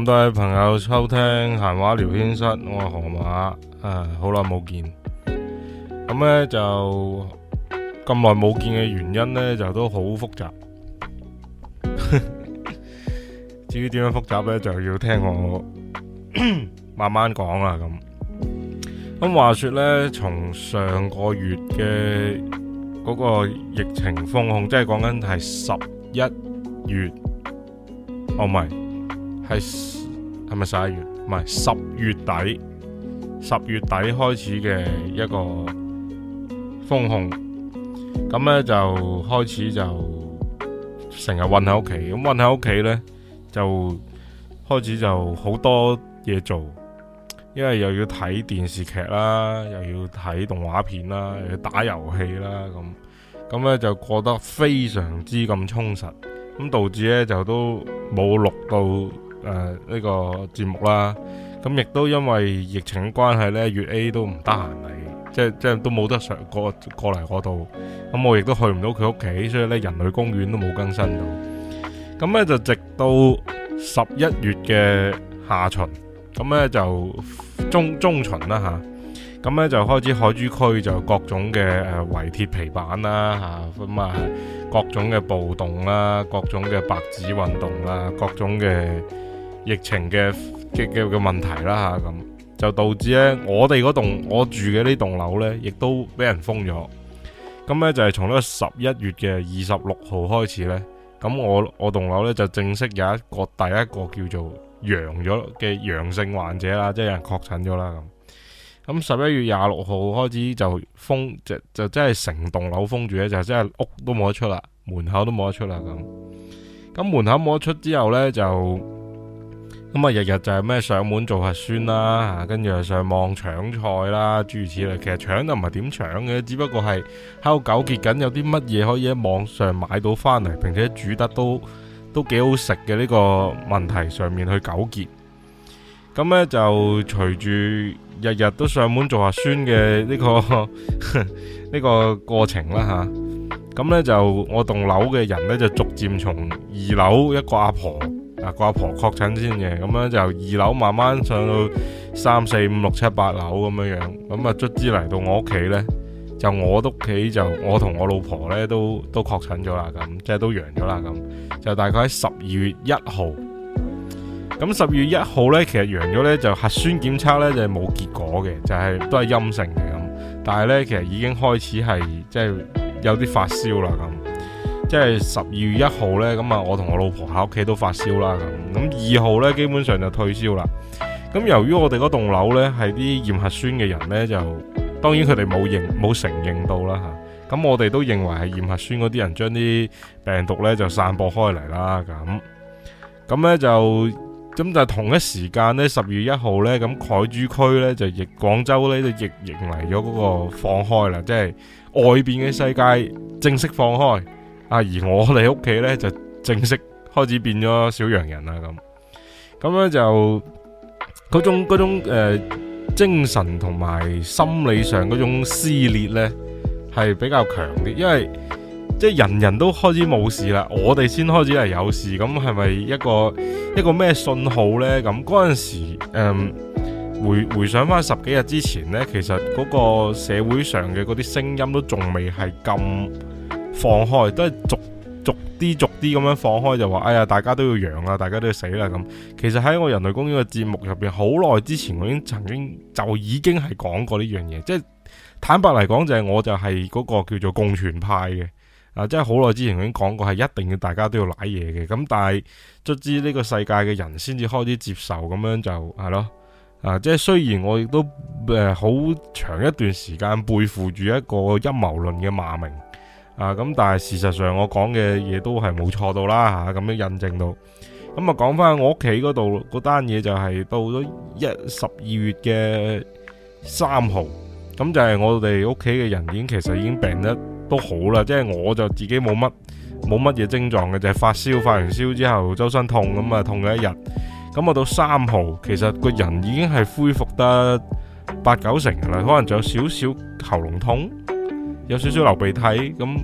咁多位朋友收聽閒話聊天室，我係河馬，誒，好耐冇見。咁呢，就咁耐冇見嘅原因呢，就都好複雜。 至於點樣複雜呢，就要聽我 慢慢講啦。咁咁話說呢，從上個月嘅嗰個疫情封控，即係講緊係十一月，哦，唔係。係係咪十一月？唔係，十月底，十月底開始嘅一個封控，咁咧就開始就成日困喺屋企，咁困喺屋企咧就開始就好多嘢做，因為又要睇電視劇啦，又要睇動畫片啦，又要打遊戲啦，咁咁咧就過得非常之咁充實，咁導致咧就都冇錄到。誒，呢、呃這個節目啦，咁、嗯、亦都因為疫情關係呢粵 A 都唔得閒嚟，即係即係都冇得上過過嚟嗰度，咁、嗯、我亦都去唔到佢屋企，所以呢人類公園都冇更新到，咁、嗯、呢就直到十一月嘅下旬，咁、嗯、呢就中中旬啦吓，咁、啊、呢、嗯、就開始海珠區就各種嘅誒圍鐵皮板啦，吓咁啊各種嘅暴動啦，各種嘅、啊、白紙運動啦、啊，各種嘅。疫情嘅嘅嘅問題啦吓咁，就導致呢我哋嗰棟我住嘅呢棟樓呢，亦都俾人封咗。咁呢就係從呢個十一月嘅二十六號開始呢，咁我我棟樓咧就正式有一個第一個叫做陽咗嘅陽性患者啦，即係有人確診咗啦咁。咁十一月廿六號開始就封就就真係成棟樓封住咧，就真係屋都冇得出啦，門口都冇得出啦咁。咁門口冇得出之後呢，就。咁啊，日日就係咩上門做核酸啦，跟住又上網搶菜啦，諸如此類。其實搶就唔係點搶嘅，只不過係喺度糾結緊有啲乜嘢可以喺網上買到翻嚟，並且煮得都都幾好食嘅呢個問題上面去糾結。咁呢就隨住日日都上門做核酸嘅呢個呢 個過程啦，吓。咁呢就我棟樓嘅人呢，就逐漸從二樓一個阿婆、婆。啊，個阿婆確診先嘅，咁樣就由二樓慢慢上到三四五六七八樓咁樣樣，咁啊卒之嚟到我屋企呢，就我屋企就我同我老婆呢都都確診咗啦，咁即係都陽咗啦，咁就大概喺十二月一號，咁十二月一號呢，其實陽咗呢就核酸檢測呢就冇結果嘅，就係、是、都係陰性嘅咁，但係呢，其實已經開始係即係有啲發燒啦咁。即係十二月一號呢，咁啊，我同我老婆喺屋企都發燒啦。咁二號呢，基本上就退燒啦。咁由於我哋嗰棟樓呢係啲驗核酸嘅人呢，就當然佢哋冇認冇承認到啦嚇。咁、啊、我哋都認為係驗核酸嗰啲人將啲病毒呢就散播開嚟啦。咁咁呢，就咁就同一時間呢，十二月一號呢，咁海珠區呢，就亦廣州呢，就亦迎嚟咗嗰個放開啦，即係外邊嘅世界正式放開。啊！而我哋屋企呢，就正式開始變咗小洋人啦，咁咁咧就嗰種種誒、呃、精神同埋心理上嗰種撕裂呢，係比較強啲，因為即係、就是、人人都開始冇事啦，我哋先開始係有事，咁係咪一個一個咩信號呢？咁嗰陣時誒、呃、回回想翻十幾日之前呢，其實嗰個社會上嘅嗰啲聲音都仲未係咁。放開都係逐啲逐啲咁樣放開就話，哎呀，大家都要陽啦，大家都要死啦咁。其實喺我人類公園嘅節目入邊，好耐之前我已經曾經就已經係講過呢樣嘢。即係坦白嚟講，就係、是、我就係嗰個叫做共存派嘅啊，即係好耐之前我已經講過係一定要大家都要舐嘢嘅。咁但係卒之呢個世界嘅人先至開始接受咁樣就係咯啊，即係雖然我亦都誒好、呃、長一段時間背負住一個陰謀論嘅罵名。啊，咁但係事實上我講嘅嘢都係冇錯到啦吓，咁樣印證到。咁啊，講翻我屋企嗰度嗰單嘢就係到咗一十二月嘅三號，咁就係我哋屋企嘅人已經其實已經病得都好啦，即係我就自己冇乜冇乜嘢症狀嘅，就係發燒，發完燒之後周身痛咁啊，痛咗一日，咁啊到三號其實個人已經係恢復得八九成噶啦，可能仲有少少喉嚨痛。有少少流鼻涕，咁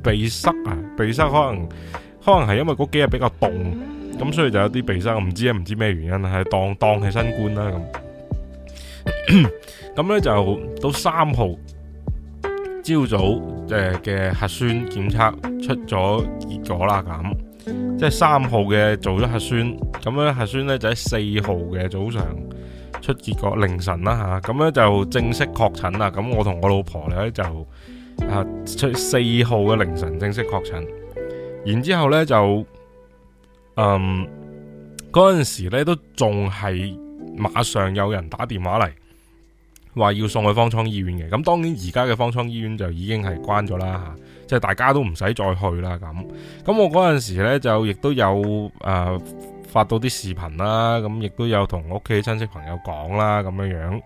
鼻塞啊，鼻塞可能可能係因為嗰幾日比較凍，咁所以就有啲鼻塞，唔知啊，唔知咩原因啊，係當當係新冠啦咁。咁咧 就到三號朝早誒嘅、呃、核酸檢測出咗結果啦，咁即係三號嘅做咗核酸，咁咧核酸咧就喺四號嘅早上出結果，凌晨啦吓，咁、啊、咧就正式確診啦，咁我同我老婆咧就。啊！在四號嘅凌晨正式確診，然之後呢就，嗯，嗰陣時呢，都仲係馬上有人打電話嚟，話要送去方艙醫院嘅。咁當然而家嘅方艙醫院就已經係關咗啦，吓，即係大家都唔使再去啦咁。咁我嗰陣時呢，就亦都有誒、呃、發到啲視頻啦，咁亦都有同屋企親戚朋友講啦，咁樣樣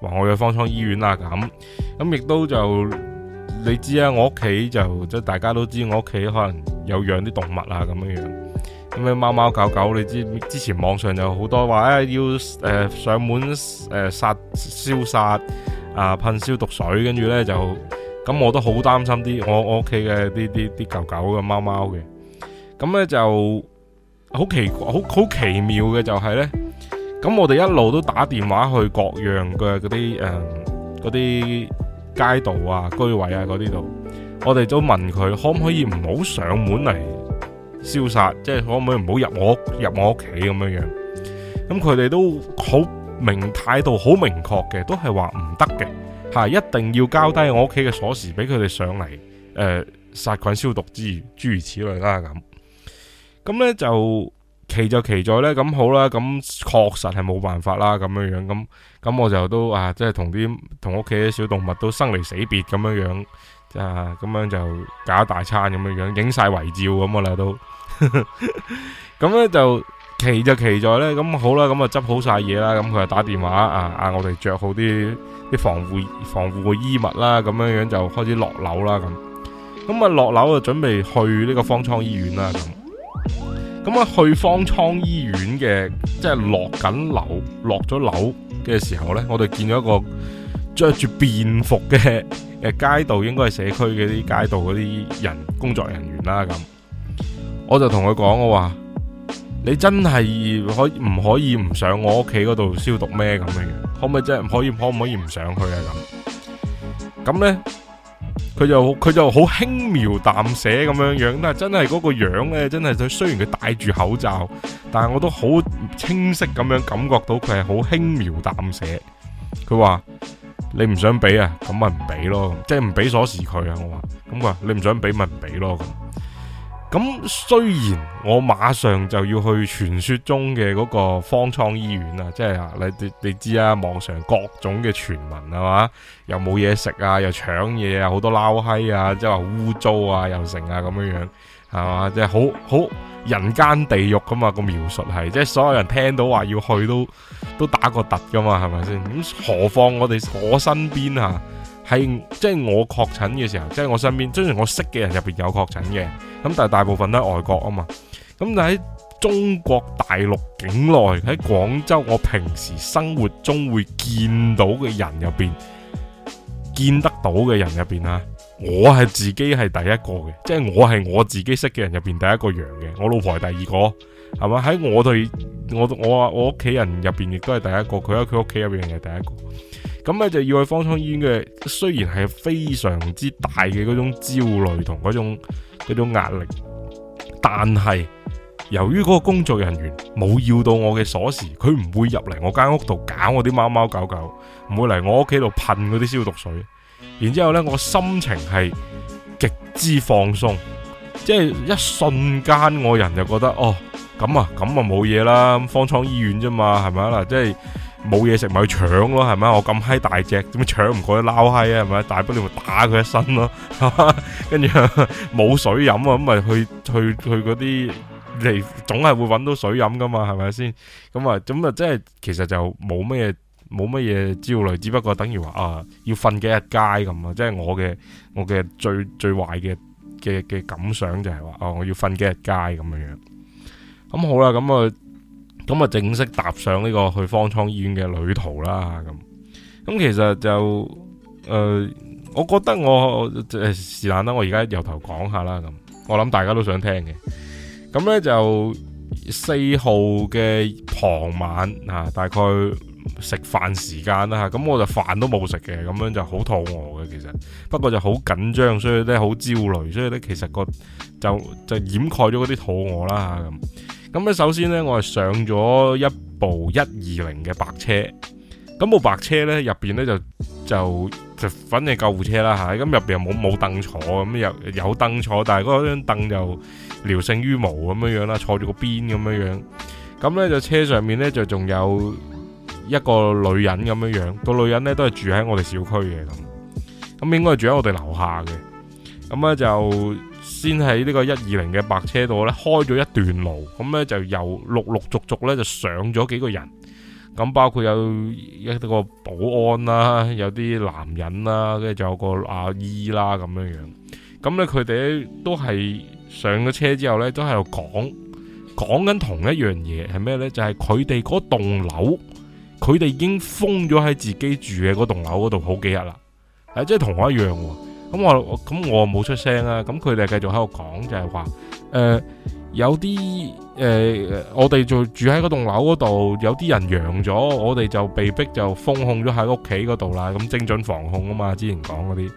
話我去方艙醫院啦，咁咁亦都就。你知啊，我屋企就即大家都知，我屋企可能有養啲動物啊咁樣樣，咁樣貓貓狗狗。你知之前網上就好多話咧、啊，要誒、呃、上門誒殺消殺啊，噴、呃、消、呃、毒水，跟住呢，就咁，我都好擔心啲我我屋企嘅啲啲啲狗狗嘅貓貓嘅。咁呢就好奇怪，好好奇妙嘅就係呢。咁我哋一路都打電話去各樣嘅嗰啲誒嗰啲。嗯街道啊、居委啊嗰啲度，我哋都問佢可唔可以唔好上門嚟消殺，即係可唔可以唔好入我入我屋企咁樣樣。咁佢哋都好明態度，好明確嘅，都係話唔得嘅，吓，一定要交低我屋企嘅鎖匙俾佢哋上嚟，誒、呃，殺菌消毒之如諸如此類啦咁。咁咧就。奇就奇在咧，咁好啦，咁確實係冇辦法啦，咁樣樣，咁咁我就都啊，即係同啲同屋企啲小動物都生離死別咁樣樣，即係咁樣就搞大餐咁樣樣，影晒遺照咁啦都，咁 咧就奇就奇在咧，咁好，就好啦，咁啊執好晒嘢啦，咁佢就打電話啊，嗌、啊、我哋着好啲啲防護防護嘅衣物啦，咁樣樣就開始落樓啦，咁咁啊落樓就準備去呢個方艙醫院啦。咁啊，去方艙醫院嘅，即係落緊樓，落咗樓嘅時候呢，我哋見咗一個着住便服嘅，誒街道，應該係社區嘅啲街道嗰啲人工作人員啦咁，我就同佢講我話：你真係可唔可以唔上我屋企嗰度消毒咩咁樣？可唔可以真係可，可以可唔可以唔上去啊咁？咁咧。佢就佢就好輕描淡寫咁樣樣，但係真係嗰個樣咧，真係佢雖然佢戴住口罩，但係我都好清晰咁樣感覺到佢係好輕描淡寫。佢話你唔想俾啊，咁咪唔俾咯，即係唔俾鎖匙佢啊。我話咁佢話，你唔想俾咪唔俾咯。咁、嗯、雖然我馬上就要去傳說中嘅嗰個方艙醫院啊，即係啊，你你知啊，網上各種嘅傳聞啊嘛，又冇嘢食啊，又搶嘢啊，好多撈閪啊，即係話污糟啊，又成啊，咁樣樣係嘛，即係好好人間地獄噶嘛個描述係，即係所有人聽到話要去都都打個突噶嘛，係咪先？咁、嗯、何況我哋我身邊啊？係即係我確診嘅時候，即係我身邊，雖然我識嘅人入邊有確診嘅，咁但係大部分都係外國啊嘛。咁但係喺中國大陸境內，喺廣州，我平時生活中會見到嘅人入邊，見得到嘅人入邊啊，我係自己係第一個嘅，即係我係我自己識嘅人入邊第一個羊嘅，我老婆係第二個，係嘛？喺我哋，我我我屋企人入邊亦都係第一個，佢喺佢屋企入邊係第一個。咁咧就要去方艙醫院嘅，雖然係非常之大嘅嗰種焦慮同嗰種嗰種壓力，但係由於嗰個工作人員冇要到我嘅鎖匙，佢唔會入嚟我間屋度搞我啲貓貓狗狗，唔會嚟我屋企度噴嗰啲消毒水，然之後呢我心情係極之放鬆，即係一瞬間我人就覺得哦，咁啊咁啊冇嘢啦，方艙醫院啫嘛，係咪啊？即係。冇嘢食咪去搶咯，係咪？我咁閪大隻，點樣搶唔過啲撈閪啊？係咪？大不了打佢一身咯，跟住冇水飲啊，咁咪去去去嗰啲你總係會揾到水飲噶嘛，係咪先？咁啊，咁啊，即係其實就冇乜嘢，冇乜嘢焦慮，只不過等於話啊、呃，要瞓幾日街咁啊，即係我嘅我嘅最最壞嘅嘅嘅感想就係話啊，我要瞓幾日街咁樣樣。咁好啦，咁啊。呃咁啊，正式踏上呢個去方艙醫院嘅旅途啦，咁咁其實就誒、呃，我覺得我是但啦，我而家由頭講下啦，咁我諗大家都想聽嘅。咁呢就四號嘅傍晚啊，大概食飯時間啦，咁我就飯都冇食嘅，咁樣就好肚餓嘅，其實不過就好緊張，所以咧好焦慮，所以咧其實個就就掩蓋咗嗰啲肚餓啦，咁。咁咧，首先咧，我係上咗一部一二零嘅白車，咁部白車咧，入邊咧就就就反正救護車啦吓，咁入邊又冇冇凳坐，咁、嗯、又有凳坐，但係嗰張凳就聊勝於無咁樣樣啦，坐住個邊咁樣樣，咁咧就車上面咧就仲有一個女人咁樣樣，個女人咧都係住喺我哋小區嘅，咁咁應該住喺我哋樓下嘅，咁咧就。先喺呢個一二零嘅白車度咧，開咗一段路，咁咧就又陸陸續續咧就上咗幾個人，咁包括有一個保安啦，有啲男人啦，跟住就有個阿姨啦咁樣樣，咁咧佢哋都係上咗車之後咧，都喺度講講緊同一樣嘢，係咩咧？就係佢哋嗰棟樓，佢哋已經封咗喺自己住嘅嗰棟樓嗰度好幾日啦，係即係同我一樣。咁我咁我冇出聲啦、啊，咁佢哋繼續喺度講，就係話，誒，有啲誒、呃，我哋就住喺嗰棟樓嗰度，有啲人陽咗，我哋就被逼就封控咗喺屋企嗰度啦，咁精準防控啊嘛，之前講嗰啲，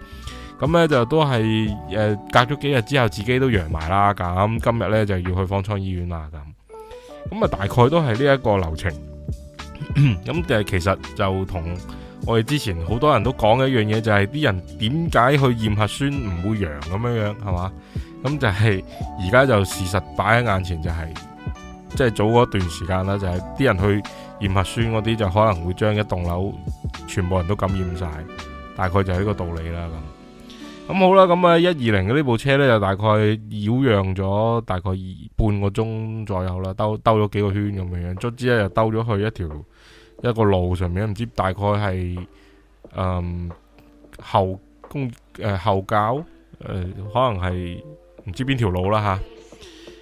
咁咧就都係誒、呃、隔咗幾日之後自己都陽埋啦，咁今日咧就要去方艙醫院啦，咁，咁啊大概都係呢一個流程，咁就係 其實就同。我哋之前好多人都講嘅一樣嘢，就係啲人點解去驗核酸唔會陽咁樣樣係嘛？咁就係而家就事實擺喺眼前就係，即係早嗰段時間啦，就係啲人去驗核酸嗰啲就可能會將一棟樓全部人都感染晒，大概就係呢個道理啦咁。咁好啦，咁啊一二零嘅呢部車呢，就大概擾攘咗大概半個鐘左右啦，兜兜咗幾個圈咁樣樣，卒之咧就兜咗去一條。一個路上面唔知大概係，嗯，后公誒、呃、後滘誒、呃，可能係唔知邊條路啦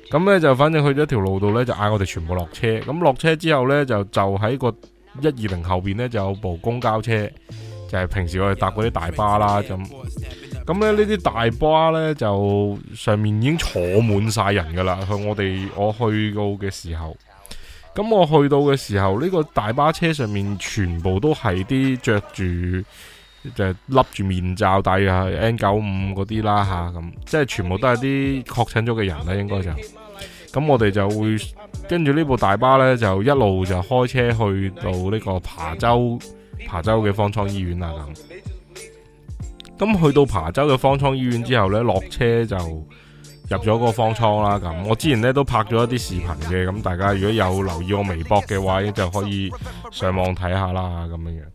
吓。咁呢，就反正去咗條路度呢，就嗌我哋全部落車。咁落車之後呢，就就喺個一二零後邊呢，就有部公交車，就係、是、平時我哋搭嗰啲大巴啦咁。咁咧呢啲大巴呢，就上面已經坐滿晒人噶啦。去我哋我去到嘅時候。咁我去到嘅時候，呢、這個大巴車上面全部都係啲着住就笠、係、住面罩，戴啊 N 九五嗰啲啦吓，咁、嗯、即係全部都係啲確診咗嘅人咧，應該，就咁我哋就會跟住呢部大巴呢，就一路就開車去到呢個琶洲琶洲嘅方艙醫院啊，咁咁去到琶洲嘅方艙醫院之後呢，落車就。入咗個方艙啦，咁我之前咧都拍咗一啲視頻嘅，咁大家如果有留意我微博嘅話，就可以上網睇下啦，咁樣樣。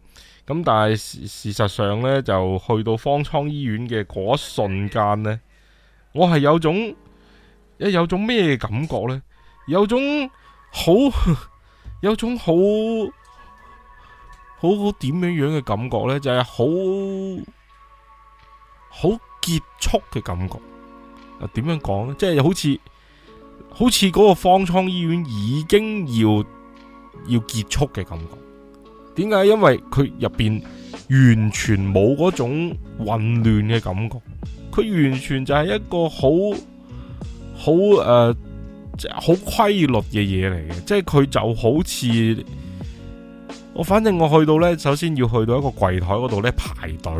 咁但係事事實上咧，就去到方艙醫院嘅嗰一瞬間咧，我係有種，一有種咩感覺咧？有種好， 有種好，好好點樣樣嘅感覺咧？就係、是、好好結束嘅感覺。啊，點樣講咧？即係好似好似嗰個方艙醫院已經要要結束嘅感覺。點解？因為佢入邊完全冇嗰種混亂嘅感覺，佢完全就係一個好好誒，即係好規律嘅嘢嚟嘅。即係佢就好似。我反正我去到呢，首先要去到一個櫃台嗰度呢，排隊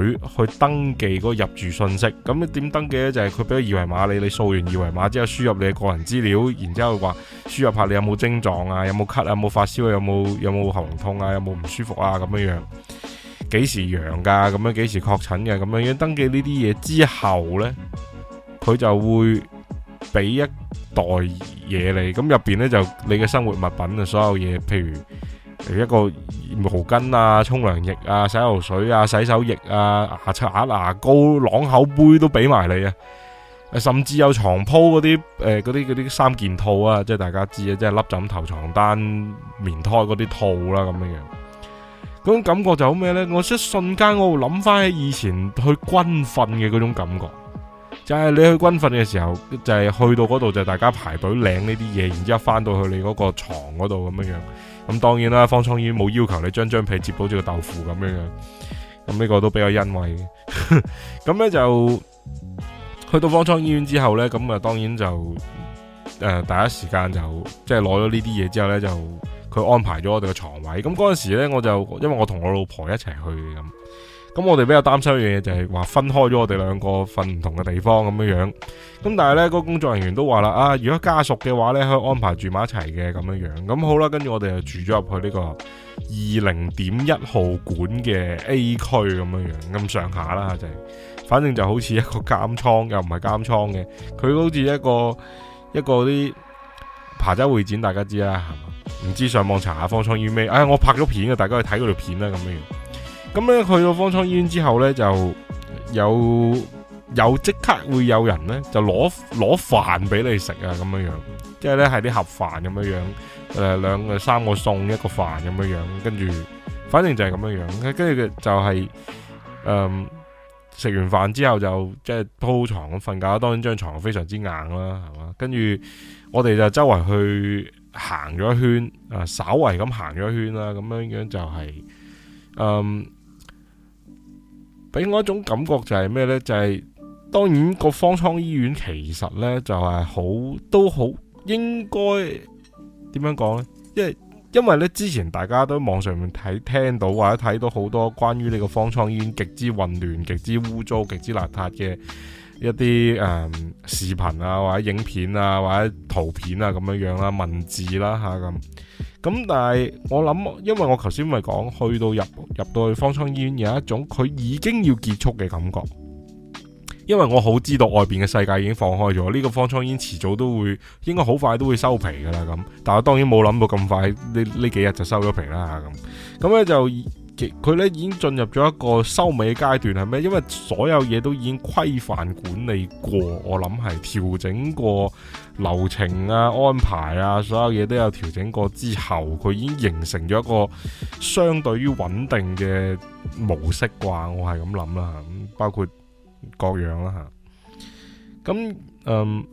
去登記嗰個入住信息。咁你點登記呢？就係佢俾個二維碼你，你掃完二維碼之後輸入你個人資料，然之後話輸入下你有冇症狀啊，有冇咳啊，有冇發燒啊，有冇有冇喉嚨痛啊，有冇唔舒服啊咁樣樣。幾時陽噶？咁樣幾時確診嘅？咁樣樣登記呢啲嘢之後呢，佢就會俾一袋嘢你，咁入邊呢，就你嘅生活物品啊，所有嘢，譬如。一個毛巾啊、沖涼液啊、洗頭水啊、洗手液啊、牙刷、牙牙膏、朗口杯都俾埋你啊！甚至有床鋪嗰啲誒，啲、欸、啲三件套啊，即係大家知啊，即係笠枕頭、床單、棉胎嗰啲套啦、啊，咁樣樣。嗰種感覺就好咩呢？我一瞬間我諗翻起以前去軍訓嘅嗰種感覺，就係、是、你去軍訓嘅時候，就係、是、去到嗰度就大家排隊領呢啲嘢，然之後翻到去你嗰個床嗰度咁樣樣。咁當然啦，方艙醫院冇要求你將張被接好住個豆腐咁樣樣，咁呢個都比較欣慰嘅。咁 咧就去到方艙醫院之後咧，咁啊當然就誒、呃、第一時間就即係攞咗呢啲嘢之後咧，就佢安排咗我哋嘅床位。咁嗰陣時咧，我就因為我同我老婆一齊去咁。咁我哋比較擔心嘅嘢就係、是、話分開咗我哋兩個瞓唔同嘅地方咁樣樣，咁但係呢嗰、那個、工作人員都話啦啊，如果家屬嘅話呢，可以安排住埋一齊嘅咁樣樣，咁好啦，跟住我哋就住咗入去呢個二零點一號館嘅 A 區咁樣樣咁上下啦，就係、是、反正就好似一個監倉又唔係監倉嘅，佢好似一,一個一個啲琶洲會展，大家知啦，唔知上網查下方艙 U 咩？哎，我拍咗片啊，大家去睇嗰條片啦，咁樣。咁咧，去到方艙醫院之後咧，就有有即刻會有人咧就攞攞飯俾你食啊咁樣樣，即係咧係啲盒飯咁樣樣，誒，兩個三個餸一個飯咁樣樣，跟住反正就係咁樣樣，跟住嘅就係、是，嗯食完飯之後就即係鋪床咁瞓覺，當然張床非常之硬啦，係嘛，跟住我哋就周圍去行咗一圈，啊、呃，稍微咁行咗一圈啦，咁樣樣就係、是，嗯。俾我一種感覺就係咩呢？就係、是、當然個方艙醫院其實呢，就係、是、好都好應該點樣講呢？因為因為咧之前大家都網上面睇聽到或者睇到好多關於呢個方艙醫院極之混亂、極之污糟、極之邋遢嘅一啲誒、嗯、視頻啊或者影片啊或者圖片啊咁樣樣啦，文字啦，吓咁。咁但係我諗，因為我頭先咪講去到入入到去方艙醫院，有一種佢已經要結束嘅感覺，因為我好知道外邊嘅世界已經放開咗，呢個方艙醫院遲早都會，應該好快都會收皮噶啦咁。但係我當然冇諗到咁快，呢呢幾日就收咗皮啦咁。咁咧就佢咧已經進入咗一個收尾階段，係咩？因為所有嘢都已經規範管理過，我諗係調整過。流程啊、安排啊、所有嘢都有調整過之後，佢已經形成咗一個相對於穩定嘅模式啩，我係咁諗啦。包括各樣啦嚇。咁嗯，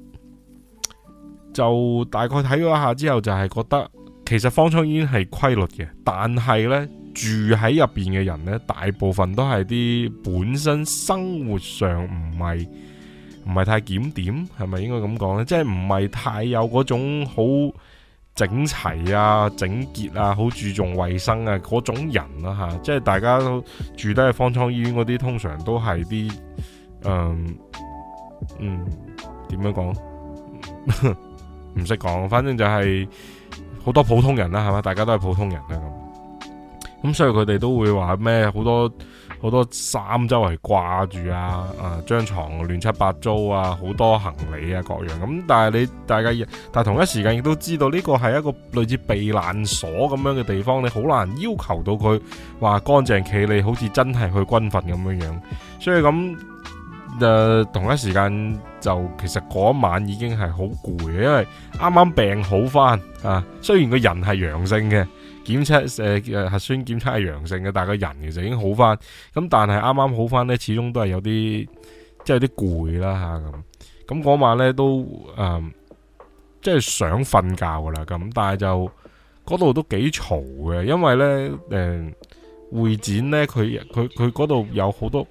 就大概睇咗一下之後，就係覺得其實方艙醫院係規律嘅，但係呢，住喺入邊嘅人呢，大部分都係啲本身生活上唔係唔係太檢點，係咪應該咁講咧？即係唔係太有嗰種好整齊啊、整潔啊、好注重衛生啊嗰種人啊？吓、啊，即係大家都住得係方艙醫院嗰啲，通常都係啲誒，嗯，點、嗯、樣講？唔識講，反正就係好多普通人啦、啊，係嘛？大家都係普通人啦、啊、咁，咁所以佢哋都會話咩？好多。好多衫周圍掛住啊！啊，張床亂七八糟啊，好多行李啊，各樣咁。但係你大家，但係同一時間亦都知道呢個係一個類似避難所咁樣嘅地方，你好難要求到佢話乾淨企理，好似真係去軍訓咁樣樣。所以咁誒、呃，同一時間就其實嗰一晚已經係好攰嘅，因為啱啱病好翻啊，雖然個人係陽性嘅。檢測、呃、核酸檢測係陽性嘅，但係個人其實已經好翻，咁但係啱啱好翻呢，始終都係有啲即係有啲攰啦吓，咁，咁、啊、嗰、嗰、晚呢，都誒、呃、即係想瞓覺噶啦，咁但係就嗰度都幾嘈嘅，因為呢，誒、呃、會展呢，佢佢佢嗰度有好多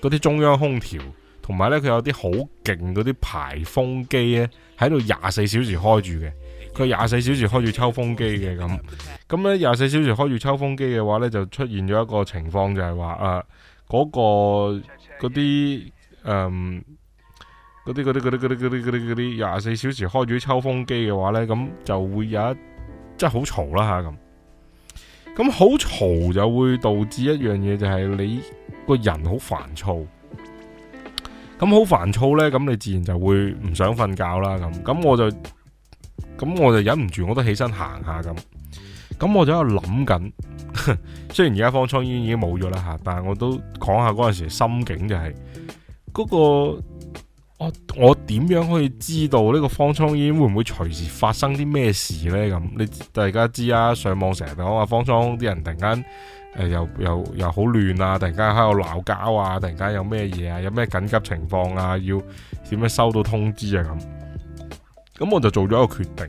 嗰啲中央空調，同埋呢，佢有啲好勁嗰啲排風機呢，喺度廿四小時開住嘅。佢廿四小時開住抽風機嘅，咁，咁咧廿四小時開住抽風機嘅話咧,就出現咗一個情況就係話，誒、呃，嗰、嗰個嗰啲誒，嗰啲嗰啲嗰啲嗰啲嗰啲嗰啲廿四小時開住抽風機嘅話咧，咁就會有一即係好嘈啦吓咁。咁好嘈就會導致一樣嘢，就係、係、你個人好煩躁。咁好煩躁咧，咁你自然就會唔想瞓覺啦。咁，咁我就。咁我就忍唔住，我都起身行下咁。咁我就喺度諗緊，雖然而家方艙已經冇咗啦吓，但係我都講下嗰陣時心境就係、是，嗰、嗰個我我點樣可以知道呢個方艙會唔會隨時發生啲咩事呢？咁你大家知啊，上網成日講話，方艙啲人突然間、呃、又又又好亂啊，突然間喺度鬧交啊，突然間有咩嘢啊，有咩緊急情況啊，要點樣收到通知啊咁。咁我就做咗個決定，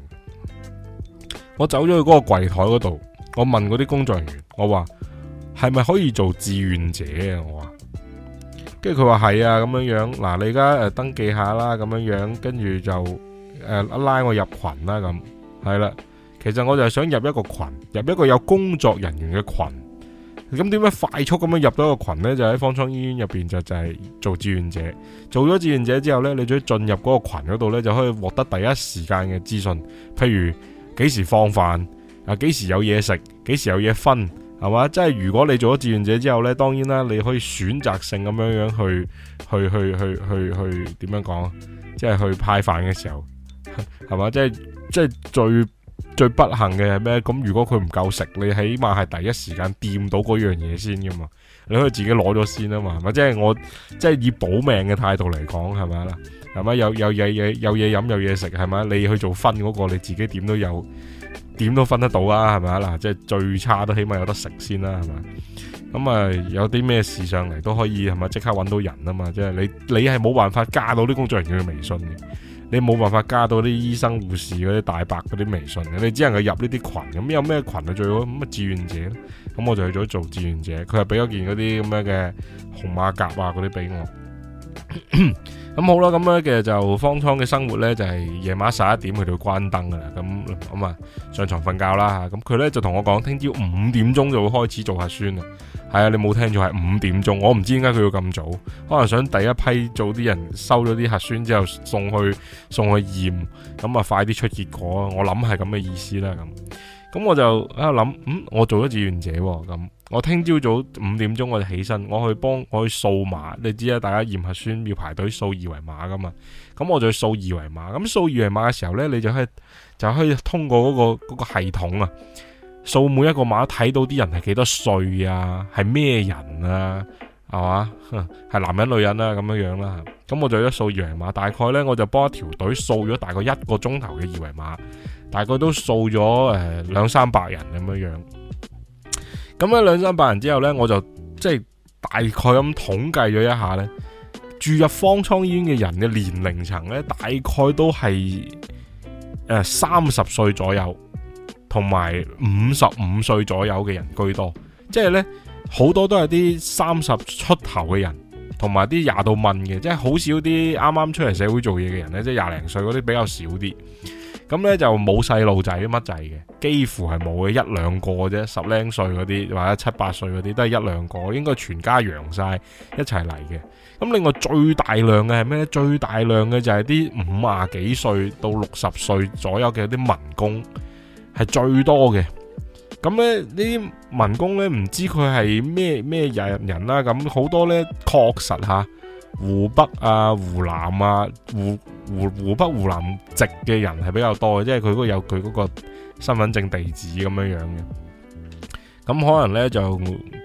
我走咗去嗰個櫃台嗰度，我問嗰啲工作人員，我話係咪可以做志願者啊？我話，跟住佢話係啊，咁樣樣，嗱你而家誒登記下啦，咁樣樣，跟住就誒、呃、拉我入群啦，咁係啦。其實我就係想入一個群，入一個有工作人員嘅群。咁點解快速咁樣入到個群呢？就喺方艙醫院入邊就就係做志願者，做咗志願者之後呢，你只要進入嗰個群嗰度呢，就可以獲得第一時間嘅資訊。譬如幾時放飯啊？幾時有嘢食？幾時有嘢分？係嘛？即係如果你做咗志願者之後呢，當然啦，你可以選擇性咁樣樣去去去去去去點樣講？即係去派飯嘅時候，係嘛？即係即係最。最不幸嘅係咩？咁如果佢唔夠食，你起碼係第一時間掂到嗰樣嘢先噶嘛？你可以自己攞咗先啊嘛？咪即係我即係以保命嘅態度嚟講係咪啦？係咪有有嘢嘢有嘢飲有嘢食係咪？你去做分嗰個你自己點都有點都分得到啊？係咪啊嗱？即係最差都起碼有得食先啦，係咪？咁啊有啲咩事上嚟都可以係咪即刻揾到人啊嘛？即係你你係冇辦法加到啲工作人員嘅微信嘅。你冇辦法加到啲醫生護士嗰啲大白嗰啲微信嘅，你只能夠入呢啲群咁，有咩群啊？最好乜志願者。咁我就去咗做志願者，佢係俾咗件嗰啲咁樣嘅紅馬甲啊嗰啲俾我。咁 好啦，咁樣嘅就方艙嘅生活呢，就係、是、夜晚十一點佢就關燈噶啦，咁咁啊上床瞓覺啦。咁佢呢，就同我講，聽朝五點鐘就會開始做核酸啊。係啊，你冇聽錯，係五點鐘。我唔知點解佢要咁早，可能想第一批早啲人收咗啲核酸之後送去送去驗，咁啊快啲出結果。我諗係咁嘅意思啦，咁咁我就喺度諗，嗯，我做咗志願者喎，咁我聽朝早五點鐘我就起身，我去幫我去掃碼。你知啊，大家驗核酸要排隊掃二維碼噶嘛，咁我就去掃二維碼。咁掃二維碼嘅時候呢，你就可以就可以通過嗰個嗰個系統，啊。掃每一個碼，睇到啲人係幾多歲啊，係咩人啊，係嘛，係男人女人啦、啊、咁樣樣啦。咁我就一掃二維碼，大概呢，我就幫一條隊掃咗大概一個鐘頭嘅二維碼，大概都掃咗誒兩三百人咁樣樣。咁啊兩三百人之後呢，我就即係、就是、大概咁統計咗一下呢，住入方艙醫院嘅人嘅年齡層呢，大概都係、呃、三十歲左右，同埋五十五歲左右嘅人居多，即係呢，好多都係啲三十出頭嘅人，同埋啲廿到問嘅，即係好少啲啱啱出嚟社會做嘢嘅人呢，即係廿零歲嗰啲比較少啲。咁呢就冇細路仔乜仔嘅，幾乎係冇嘅，一兩個啫，十零歲嗰啲或者七八歲嗰啲都係一兩個，應該全家養晒，一齊嚟嘅。咁另外最大量嘅係咩呢？最大量嘅就係啲五廿幾歲到六十歲左右嘅啲民工。係最多嘅，咁咧呢啲民工咧唔知佢係咩咩人人、啊、啦，咁好多咧確實吓、啊、湖北啊、湖南啊、湖湖湖、湖北湖南籍嘅人係比較多嘅，即係佢嗰有佢嗰個身份證地址咁樣樣嘅。咁可能咧就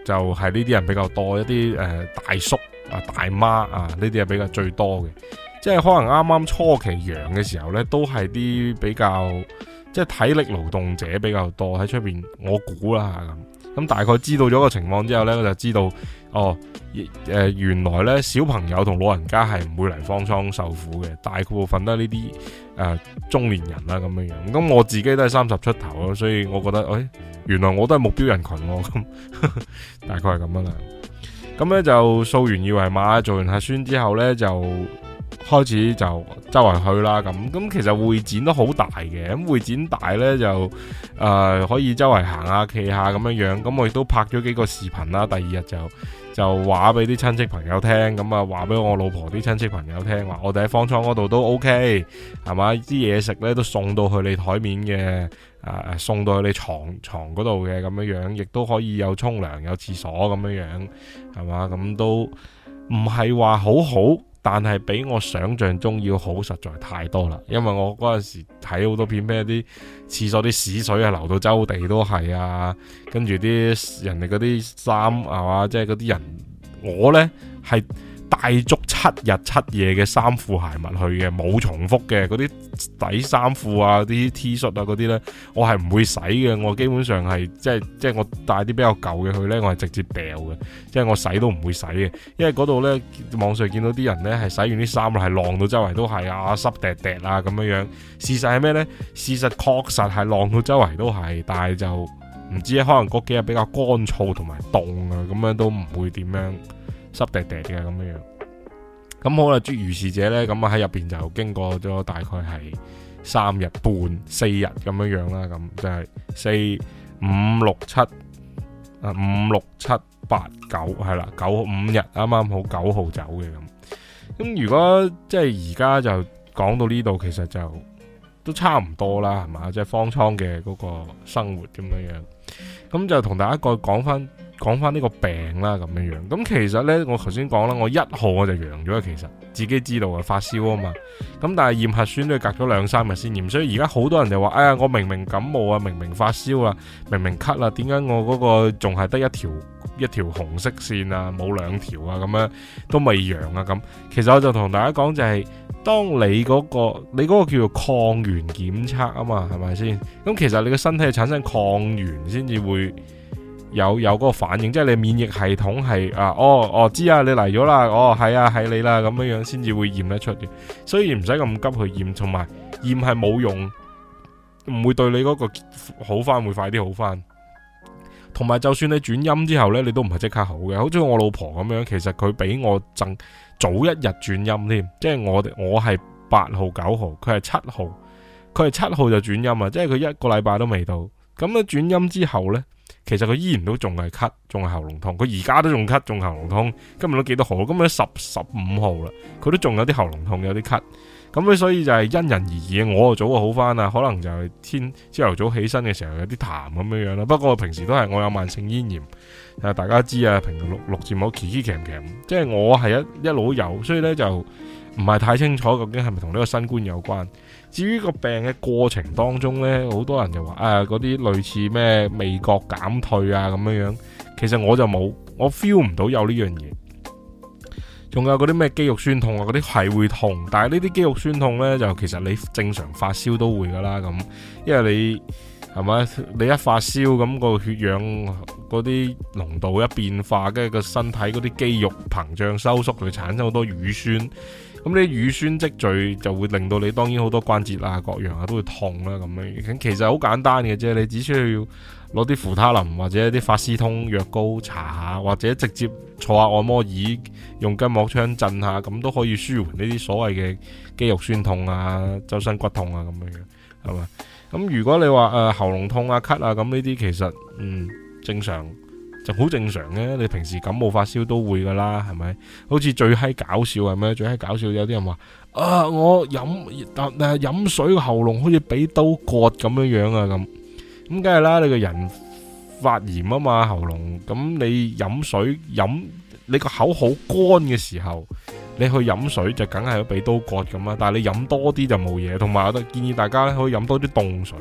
就係呢啲人比較多，一啲誒、呃、大叔啊、大媽啊呢啲係比較最多嘅，即係可能啱啱初期陽嘅時候咧都係啲比較。即係體力勞動者比較多喺出邊面，我估啦咁。咁大概知道咗個情況之後呢，我就知道哦，誒、呃、原來咧小朋友同老人家係唔會嚟方艙受苦嘅，大部分都係呢啲誒中年人啦、啊、咁樣樣。咁我自己都係三十出頭咯，所以我覺得，哎，原來我都係目標人群喎、啊、咁。 大概係咁樣啦。咁呢就掃完二維碼，做完核酸之後呢就開始就周圍去啦，咁咁其實會展都好大嘅。咁會展大呢，就誒、呃，可以周圍行、啊、下企下咁樣樣。咁我亦都拍咗幾個視頻啦。第二日就就話俾啲親戚朋友聽，咁啊話俾我老婆啲親戚朋友聽話，我哋喺方艙嗰度都 OK 係嘛，啲嘢食呢都送到去你台面嘅，誒、呃、送到去你床床嗰度嘅咁樣樣，亦都可以有沖涼有廁所咁樣樣係嘛，咁都唔係話好好。但係比我想象中要好，實在太多啦！因為我嗰陣時睇好多片，咩啲廁所啲屎水啊流到周地都係啊，跟住啲人哋嗰啲衫啊嘛，即係嗰啲人，我呢，係。帶足七日七夜嘅衫褲鞋襪去嘅，冇重複嘅嗰啲底衫褲啊、啲 T 恤啊嗰啲呢，我係唔會洗嘅。我基本上係即係即係我帶啲比較舊嘅去呢，我係直接掉嘅，即係我洗都唔會洗嘅。因為嗰度呢，網上見到啲人呢，係洗完啲衫啦，係晾到周圍都係啊濕滴滴啊咁樣樣。事實係咩呢？事實確實係晾到周圍都係，但係就唔知可能嗰幾日比較乾燥同埋凍啊，咁樣都唔會點樣。濕滴滴嘅咁樣樣，咁好啦，諸如是者咧，咁啊喺入邊就經過咗大概係三日半四日咁樣樣、啊、啦，咁就係四五六七啊五六七八九係啦，九五日啱啱好九號走嘅咁，咁如果即係而家就講到呢度，其實就都差唔多啦，係嘛，即、就、係、是、方艙嘅嗰個生活咁樣樣，咁就同大家再講翻。講翻呢個病啦，咁樣樣咁其實呢，我頭先講啦，我一號我就陽咗，其實自己知道啊，發燒啊嘛。咁但係驗核酸都要隔咗兩三日先驗，所以而家好多人就話：哎呀，我明明感冒啊，明明發燒啊，明明咳啦，點解我嗰個仲係得一條一條紅色線啊，冇兩條啊，咁樣都未陽啊？咁其實我就同大家講就係，當你嗰個你嗰個叫做抗原檢測啊嘛，係咪先？咁其實你個身體產生抗原先至會。有有個反應，即係你免疫系統係啊，哦哦知哦啊，你嚟咗啦，哦係啊係你啦，咁樣樣先至會驗得出嘅。所以唔使咁急去驗，同埋驗係冇用，唔會對你嗰個好翻會快啲好翻。同埋就算你轉陰之後呢，你都唔係即刻好嘅。好似我老婆咁樣，其實佢比我掙早一日轉陰添，即係我我係八號九號，佢係七號，佢係七號就轉陰啊，即係佢一個禮拜都未到。咁樣轉陰之後呢？其實佢依然都仲係咳，仲係喉嚨痛。佢而家都仲咳，仲喉嚨痛。今日都幾多號？今日都十十五號啦，佢都仲有啲喉嚨痛，有啲咳。咁咧，所以就係因人而異。我早就好翻啦，可能就係天朝頭早起身嘅時候有啲痰咁樣樣咯。不過平時都係我有慢性咽炎，啊大家知啊，平六六字母奇奇唔奇？即係我係一一老友，所以咧就唔係太清楚究竟係咪同呢個新冠有關。至於個病嘅過程當中呢，好多人就話誒，嗰啲類似咩味覺減退啊咁樣樣，其實我就冇，我 feel 唔到有呢樣嘢。仲有嗰啲咩肌肉酸痛啊，嗰啲係會痛，但係呢啲肌肉酸痛呢，就其實你正常發燒都會噶啦咁因為你係咪？你一發燒咁個血氧嗰啲濃度一變化，跟住個身體嗰啲肌肉膨脹收縮，佢會產生好多乳酸。咁啲乳酸積聚就會令到你當然好多關節啊、各樣啊都會痛啦、啊、咁樣。其實好簡單嘅啫，你只需要攞啲扶他林或者啲法斯通藥膏搽下，或者直接坐下按摩椅，用筋膜槍震下，咁都可以舒緩呢啲所謂嘅肌肉酸痛啊、周身骨痛啊咁樣，係嘛？咁如果你話誒、呃、喉嚨痛啊、咳、咳啊，咁呢啲其實嗯，正常。就好正常嘅，你平時感冒發燒都會噶啦，係咪？好似最閪搞笑係咩？最閪搞笑有啲人話啊，我飲但係、啊啊啊、飲水喉嚨好似俾刀割咁樣樣啊咁，咁梗係啦，你個人發炎啊嘛喉嚨。咁你飲水飲你個口好乾嘅時候，你去飲水就梗係俾刀割咁啦。但係你飲多啲就冇嘢，同埋我建議大家可以飲多啲凍水。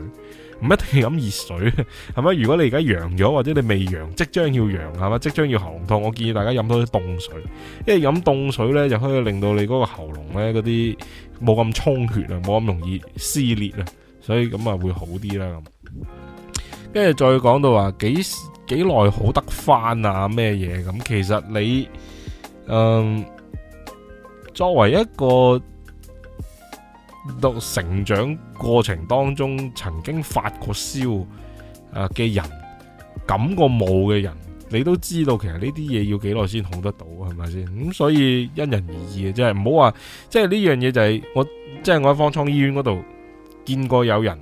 唔一定飲熱水，係咪？如果你而家陽咗，或者你未陽，即將要陽，係咪？即將要喉嚨痛，我建議大家飲多啲凍水，因為飲凍水呢，就可以令到你嗰個喉嚨呢，嗰啲冇咁充血啊，冇咁容易撕裂啊，所以咁啊會好啲啦。咁跟住再講到話幾幾耐好得翻啊咩嘢咁，其實你嗯作為一個，到成長過程當中曾經發過燒嘅、呃、人，感過冒嘅人，你都知道其實呢啲嘢要幾耐先好得到，係咪先？咁、嗯、所以因人而異嘅，即係唔好話，即係呢樣嘢就係我，即係我喺方艙醫院嗰度見過有人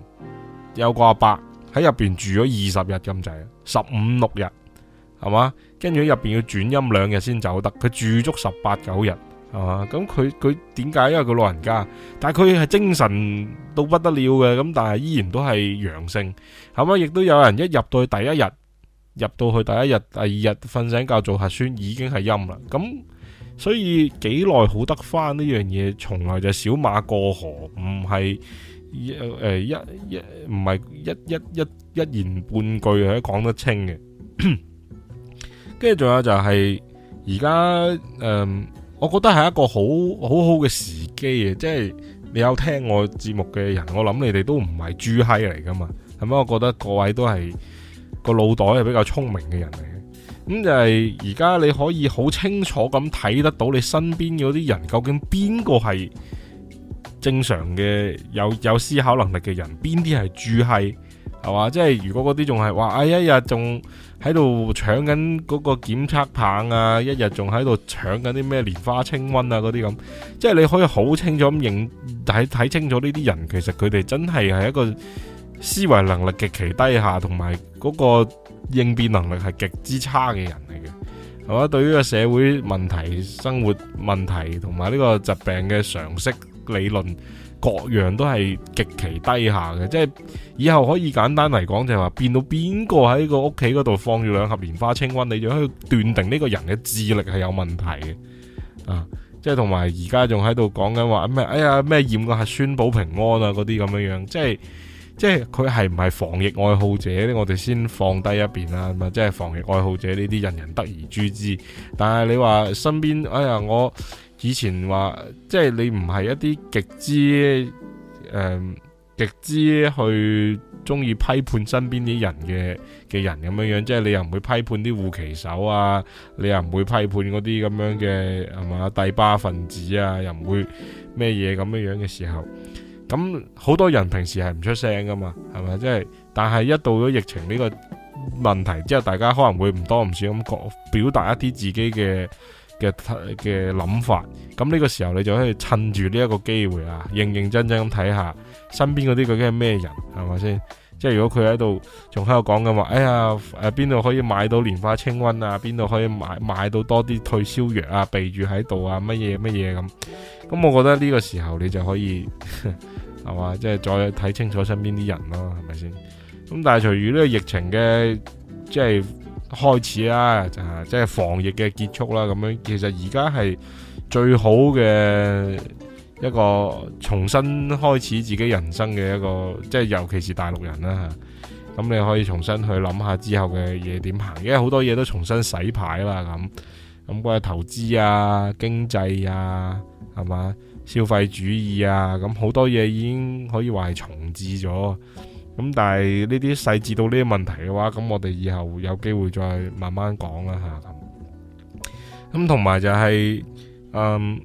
有個阿伯喺入邊住咗二十日咁滯，十五六日係嘛，跟住喺入邊要轉陰兩日先走得，佢住足十八九日。啊，咁佢佢點解？因為佢老人家，但係佢係精神到不得了嘅，咁但係依然都係陽性，後尾亦都有人一入到去第一日，入到去第一日、第二日瞓醒覺做核酸已經係陰啦。咁所以幾耐好得翻呢樣嘢，從來就小馬過河，唔係誒一一唔係一一一一言半句係講得清嘅。跟住仲有就係而家誒。我覺得係一個好好好嘅時機啊！即係你有聽我節目嘅人，我諗你哋都唔係豬閪嚟噶嘛，係咪？我覺得各位都係個腦袋係比較聰明嘅人嚟嘅。咁就係而家你可以好清楚咁睇得到你身邊嗰啲人究竟邊個係正常嘅有有思考能力嘅人，邊啲係豬閪係嘛？即係如果嗰啲仲係話哎呀呀，仲～喺度搶緊嗰個檢測棒啊！一日仲喺度搶緊啲咩蓮花清瘟啊嗰啲咁，即係你可以好清楚咁認睇睇清楚呢啲人，其實佢哋真係係一個思維能力極其低下，同埋嗰個應變能力係極之差嘅人嚟嘅，係嘛？對於個社會問題、生活問題同埋呢個疾病嘅常識理論。各樣都係極其低下嘅，即係以後可以簡單嚟講，就係話變到邊個喺個屋企嗰度放住兩盒蓮花清瘟，你就可以斷定呢個人嘅智力係有問題嘅。啊，即係同埋而家仲喺度講緊話咩？哎呀，咩驗個核酸保平安啊？嗰啲咁樣樣，即係即係佢係唔係防疫愛好者咧？我哋先放低一邊啦，咁即係防疫愛好者呢啲人人得而誅之。但係你話身邊，哎呀，我。以前話即係你唔係一啲極之誒極、呃、之去中意批判身邊啲人嘅嘅人咁樣樣，即係你又唔會批判啲護旗手啊，你又唔會批判嗰啲咁樣嘅係嘛帝吧分子啊，又唔會咩嘢咁樣樣嘅時候，咁好多人平時係唔出聲噶嘛，係咪？即係但係一到咗疫情呢個問題之後，大家可能會唔多唔少咁表表達一啲自己嘅。嘅嘅諗法，咁呢個時候你就可以趁住呢一個機會啊，認認真真咁睇下身邊嗰啲究竟係咩人，係咪先？即係如果佢喺度仲喺度講嘅話，哎呀，誒邊度可以買到蓮花清瘟啊，邊度可以買買到多啲退燒藥啊，備住喺度啊，乜嘢乜嘢咁？咁我覺得呢個時候你就可以係嘛，即係、就是、再睇清楚身邊啲人咯，係咪先？咁但係隨住呢個疫情嘅即係。開始啦，就、啊、係即係防疫嘅結束啦。咁、啊、樣其實而家係最好嘅一個重新開始自己人生嘅一個，即係尤其是大陸人啦。咁、啊、你可以重新去諗下之後嘅嘢點行，因為好多嘢都重新洗牌啦。咁咁嗰個投資啊、經濟啊、係嘛、消費主義啊，咁、啊、好多嘢已經可以話係重置咗。咁但係呢啲細緻到呢啲問題嘅話，咁我哋以後有機會再慢慢講啦嚇。咁同埋就係，嗯，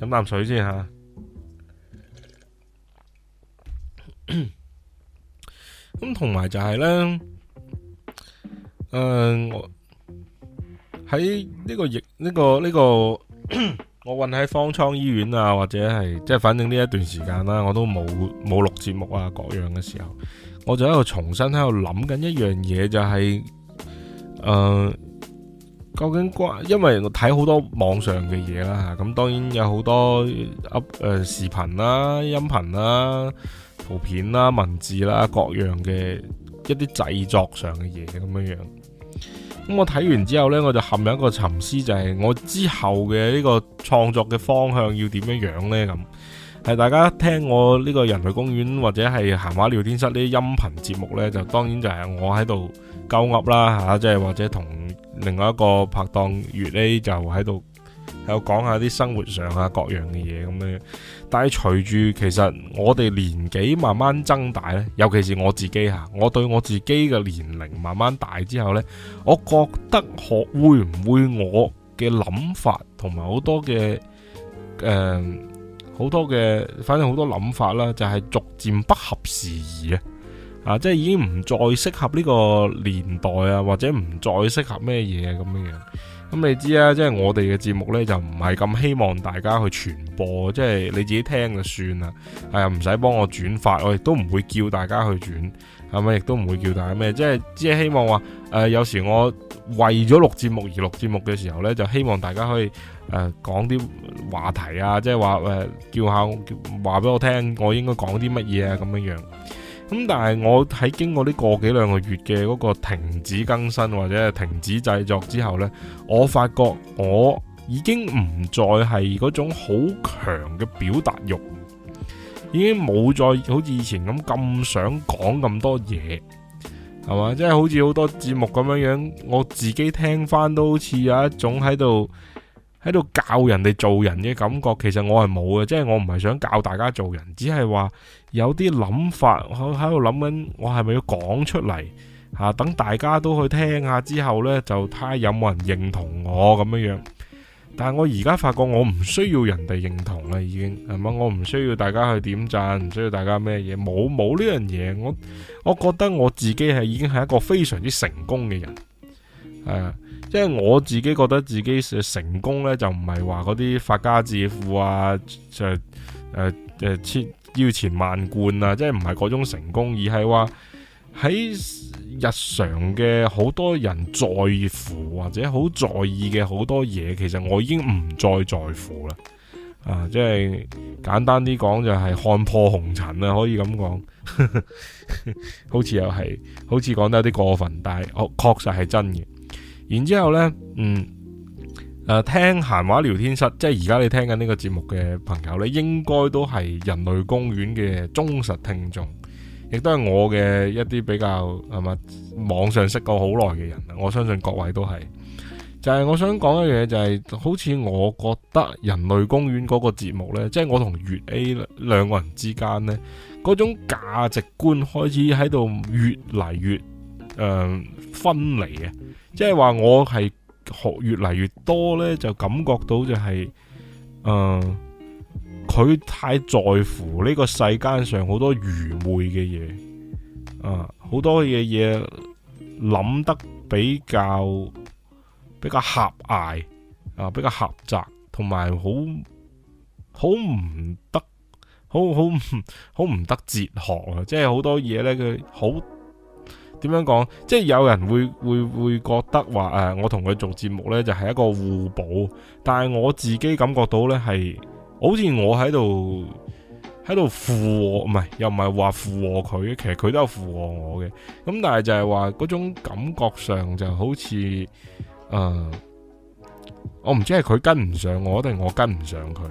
飲啖水先嚇。咁同埋就係咧，誒，我喺呢個疫，呢個呢個。我困喺方艙醫院啊，或者係即係，反正呢一段時間啦、啊，我都冇冇錄節目啊，各樣嘅時候，我就喺度重新喺度諗緊一樣嘢，就係、是、誒、呃，究竟關，因為我睇好多網上嘅嘢啦吓，咁當然有好多 up 誒、呃、視頻啦、啊、音頻啦、啊、圖片啦、啊、文字啦、啊、各樣嘅一啲製作上嘅嘢咁樣樣。咁、嗯、我睇完之後呢，我就陷入一個沉思，就係、是、我之後嘅呢個創作嘅方向要點樣樣呢？咁、嗯。係大家聽我呢個人類公園或者係閒話聊天室呢啲音頻節目呢，就當然就係我喺度鳩噏啦嚇，即、啊、係或者同另外一個拍檔月咧就喺度。有講下啲生活上啊，各樣嘅嘢咁樣，但係隨住其實我哋年紀慢慢增大咧，尤其是我自己吓，我對我自己嘅年齡慢慢大之後咧，我覺得學會唔會我嘅諗法同埋好多嘅誒，好多嘅，反正好多諗法啦，就係逐漸不合時宜啊，啊，即係已經唔再適合呢個年代啊，或者唔再適合咩嘢咁嘅樣。咁、嗯、你知啊，即係我哋嘅節目呢，就唔係咁希望大家去傳播，即係你自己聽就算啦，係啊，唔使幫我轉發，我亦都唔會叫大家去轉，係咪？亦都唔會叫大家咩，即係只係希望話誒、呃，有時我為咗錄節目而錄節目嘅時候呢，就希望大家可以誒講啲話題啊，即係話誒叫下話俾我聽，我應該講啲乜嘢啊，咁樣樣。咁但係我喺經過呢過幾兩個月嘅嗰個停止更新或者係停止製作之後呢，我發覺我已經唔再係嗰種好強嘅表達欲，已經冇再好似以前咁咁想講咁多嘢，係嘛？即係好似好多節目咁樣樣，我自己聽翻都好似有一種喺度。喺度教人哋做人嘅感覺，其實我係冇嘅，即係我唔係想教大家做人，只係話有啲諗法，我喺度諗緊，我係咪要講出嚟？吓，等大家都去聽下之後呢，就睇下有冇人認同我咁樣樣。但係我而家發覺我唔需要人哋認同啦，已經係咪？我唔需要大家去點讚，唔需要大家咩嘢，冇冇呢樣嘢。我我覺得我自己係已經係一個非常之成功嘅人，誒。即係我自己覺得自己成功呢，就唔係話嗰啲發家致富啊，就誒誒千腰纏萬貫啊，即係唔係嗰種成功，而係話喺日常嘅好多人在乎或者好在意嘅好多嘢，其實我已經唔再在乎啦。啊，即係簡單啲講就係看破紅塵啊，可以咁講， 好似又係，好似講得有啲過分，但係我確實係真嘅。然之後呢，嗯，誒、呃，聽閒話聊天室，即係而家你聽緊呢個節目嘅朋友呢，應該都係人類公園嘅忠實聽眾，亦都係我嘅一啲比較係咪網上識過好耐嘅人。我相信各位都係就係、是、我想講一樣嘢就係、是，好似我覺得人類公園嗰個節目呢，即係我同月 A 兩個人之間呢，嗰種價值觀開始喺度越嚟越誒、呃、分離嘅。即係話我係學越嚟越多咧，就感覺到就係、是，誒、呃，佢太在乎呢個世間上好多愚昧嘅嘢，啊、呃，好多嘅嘢諗得比較比較狹隘，啊，比較狹、呃、窄，同埋好好唔得，好好好唔得哲學啊！即係好多嘢咧，佢好，點樣講？即係有人會會會覺得話誒、啊，我同佢做節目呢，就係、是、一個互補，但係我自己感覺到呢，係，好似我喺度喺度附和，唔係又唔係話附和佢，其實佢都有附和我嘅。咁、嗯、但係就係話嗰種感覺上就好似誒。呃我唔知係佢跟唔上我，定我跟唔上佢，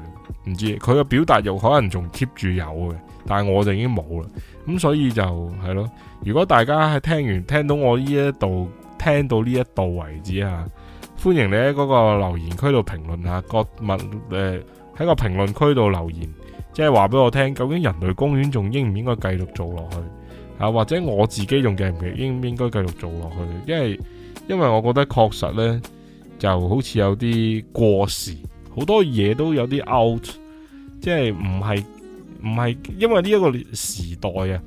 唔知。佢嘅表達又可能仲 keep 住有嘅，但係我就已經冇啦。咁所以就係咯。如果大家喺聽完聽到我呢一度聽到呢一度為止啊，歡迎你喺嗰個留言區度評論下，各物誒喺、呃、個評論區度留言，即係話俾我聽，究竟人類公園仲應唔應該繼續做落去啊？或者我自己仲記唔記應唔應該繼續做落去？因為因為我覺得確實呢。又好似有啲過時，好多嘢都有啲 out，即係唔係唔係，因為呢一個時代啊，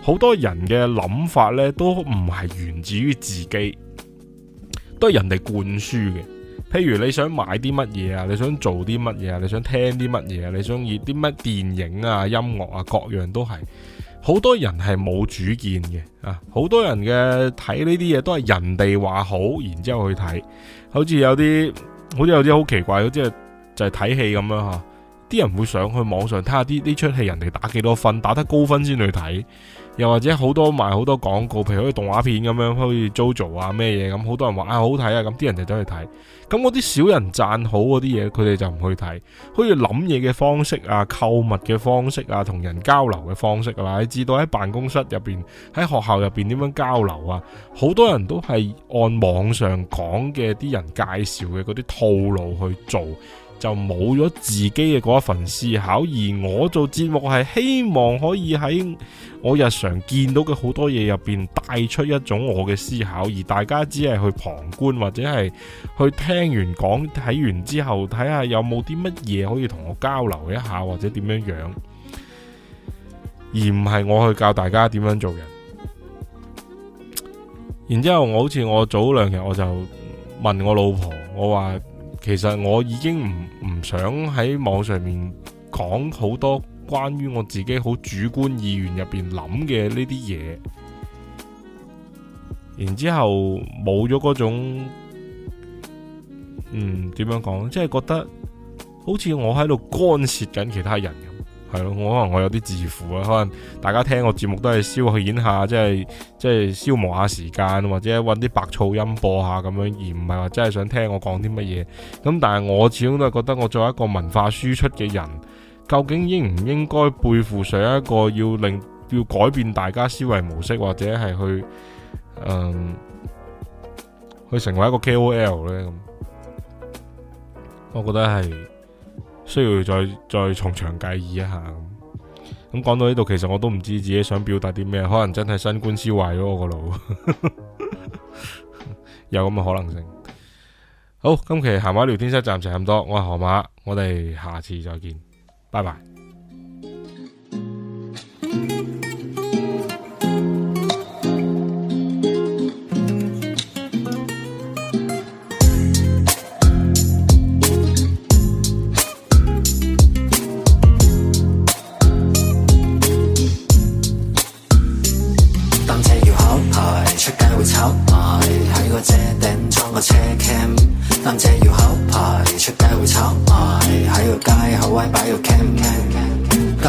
好多人嘅諗法呢都唔係源自於自己，都係人哋灌輸嘅。譬如你想買啲乜嘢啊，你想做啲乜嘢啊，你想聽啲乜嘢啊，你中意啲乜電影啊、音樂啊，各樣都係好多人係冇主見嘅啊。好多人嘅睇呢啲嘢都係人哋話好，然之後去睇。好似有啲，好似有啲好奇怪，即係就係睇戲咁樣吓。啲人會上去網上睇下啲呢出戲人哋打幾多分，打得高分先去睇，又或者好多賣好多廣告，譬如畫 jo jo、啊哎、好似動畫片咁樣，可以 JoJo 啊咩嘢咁，好多人話啊好睇啊，咁啲人就走去睇。咁嗰啲少人讚好嗰啲嘢，佢哋就唔去睇。好似諗嘢嘅方式啊，購物嘅方式啊，同人交流嘅方式啦、啊，你至到喺辦公室入邊，喺學校入邊點樣交流啊？好多人都係按網上講嘅啲人介紹嘅嗰啲套路去做。又冇咗自己嘅嗰一份思考，而我做節目係希望可以喺我日常見到嘅好多嘢入邊帶出一種我嘅思考，而大家只係去旁觀或者係去聽完講睇完之後，睇下有冇啲乜嘢可以同我交流一下或者點樣樣，而唔係我去教大家點樣做人。然之後我好似我早兩日我就問我老婆，我話。其實我已經唔唔想喺網上面講好多關於我自己好主觀意願入邊諗嘅呢啲嘢，然之後冇咗嗰種，嗯，點樣講？即係覺得好似我喺度干涉緊其他人。係咯，我可能我有啲自負啊，可能大家聽我節目都係消遣下，即係即係消磨下時間，或者揾啲白噪音播下咁樣，而唔係話真係想聽我講啲乜嘢。咁但係我始終都係覺得，我作為一個文化輸出嘅人，究竟應唔應該背負上一個要令要改變大家思維模式，或者係去、嗯、去成為一個 K O L 呢？咁，我覺得係。.需要再再從長計議一下。咁講到呢度，其實我都唔知自己想表達啲咩，可能真係新冠燒壞咗我個腦， 有咁嘅可能性。好，今期咸馬聊天室暫時咁多，我係何馬，我哋下次再見，拜拜。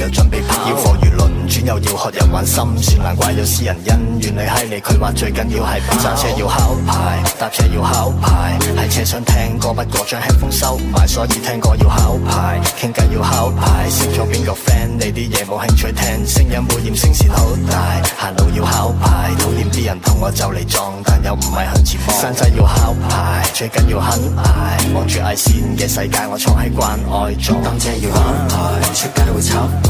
又準備拍要貨如輪轉，又要學人玩心算，難怪有私人恩怨。原來係你，佢話最緊要係跑。揸車要考牌，搭車要考牌，喺車上聽歌不過將輕風收埋，所以聽歌要考牌，傾偈要考牌，識咗邊個 friend，你啲嘢冇興趣聽，聲音污染聲線好大。行路要考牌，討厭啲人同我就嚟撞，但又唔係向前方。山仔要考牌，最緊要肯捱，望住愛鮮嘅世界，我坐喺關愛座。搭車要考牌，出街會醜。